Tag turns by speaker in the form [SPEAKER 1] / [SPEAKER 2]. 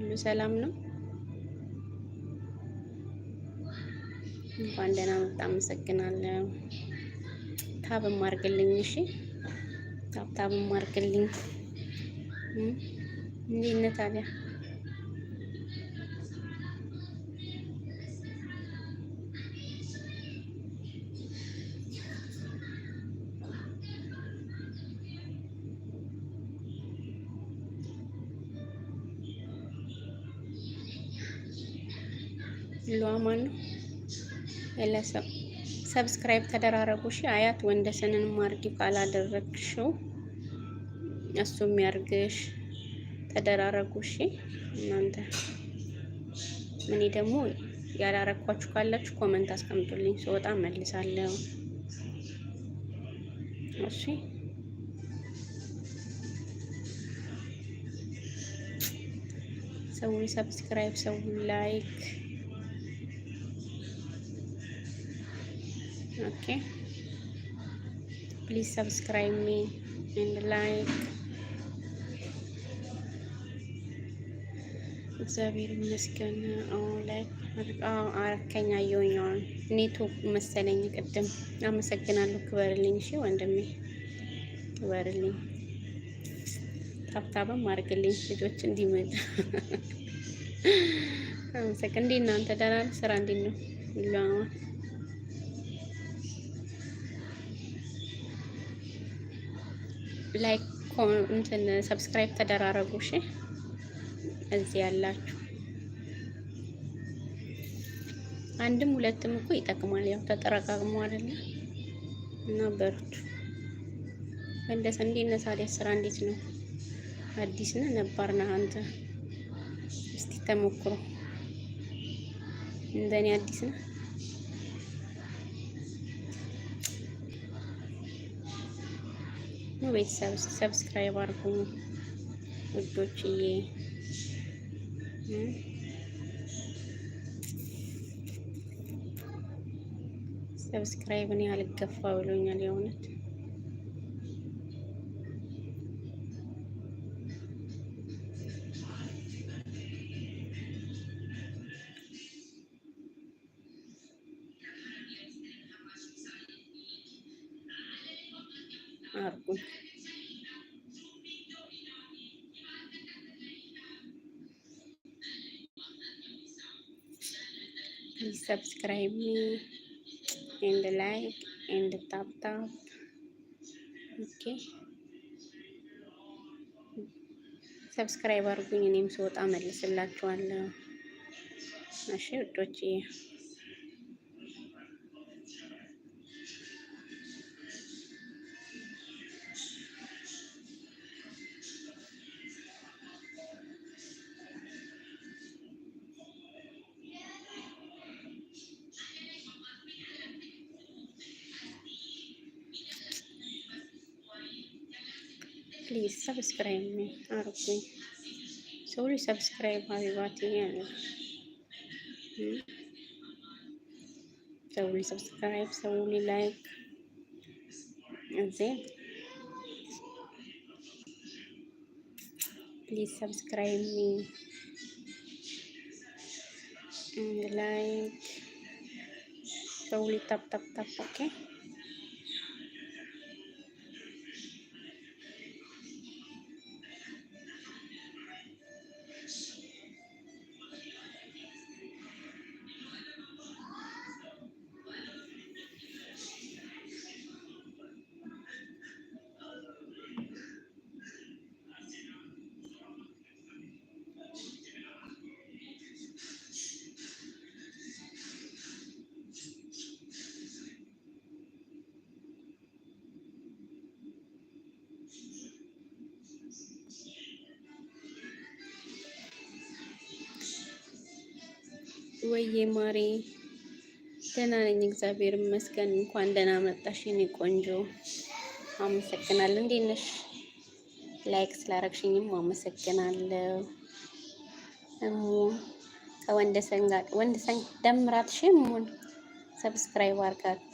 [SPEAKER 1] ሁሉ ሰላም ነው? እንኳን ደህና መጣ። አመሰግናለሁ። ታብም አድርግልኝ። እሺ ታብ ማርግልኝ። እንዴት ነህ ታዲያ? ሉአማን ነው ለሰብ ሰብስክራይብ ተደራረጉ። እሺ አያት ወንደሰንን ማርጊ ካላደረግሽው እሱ የሚያርግሽ ተደራረጉ። እሺ እናንተ እኔ ደግሞ ያላረኳችሁ ካላችሁ ኮመንት አስቀምጡልኝ፣ ስወጣ መልሳለሁ። እሺ ሰው ሰብስክራይብ፣ ሰው ላይክ ኦኬ ፕሊዝ ሰብስክራይብ ሚ ኤንድ ላይክ። እግዚአብሔር ይመስገን። ላይ አረከኛ እየሆኛዋል ኔትወርክ መሰለኝ ቅድም። አመሰግናለሁ። ክበርልኝ። እሺ ወንድሜ ክበርልኝ። ታብታብም አድርግልኝ ልጆች እንዲመጡ አመሰግን። እንዴት እናንተ ደህና ስራ እንዴት ነው? ይለዋል ላይክ እንትን ሰብስክራይብ ተደራረጉ። እሺ እዚህ ያላችሁ አንድም ሁለትም እኮ ይጠቅማል። ያው ተጠረቃቅሞ አይደለ እና በርቱ። እንደሰ እንዴት ነህ ታዲያ? ስራ እንዴት ነው? አዲስ ነህ ነባር ነህ አንተ? እስቲ ተሞክሮ እንደኔ አዲስ ነህ? ቤተሰብ ሰብስክራይብ አርጉ ውዶችዬ። ሰብስክራይብን ያልገፋ ብሎኛል የእውነት आपको please subscribe me and the like and the tap tap okay ሰብስክራይብ አድርጉኝ እኔም ስወጣ መልስላችኋለሁ። እሺ ውዶቼ please subscribe में और sorry subscribe वाली बात ही है सवली सब्सक्राइब सवली like زين please subscribe me and like slowly tap tap tap okay ወዬ ማሬ ደህና ነኝ፣ እግዚአብሔር ይመስገን። እንኳን ደህና መጣሽ የኔ ቆንጆ። አመሰግናለሁ። እንዴት ነሽ? ላይክ ስላረግሽኝም አመሰግናለሁ። እሙ ከወንደሰን ጋር ወንደሰን ደምራት ሽሙን ሰብስክራይብ አርጋት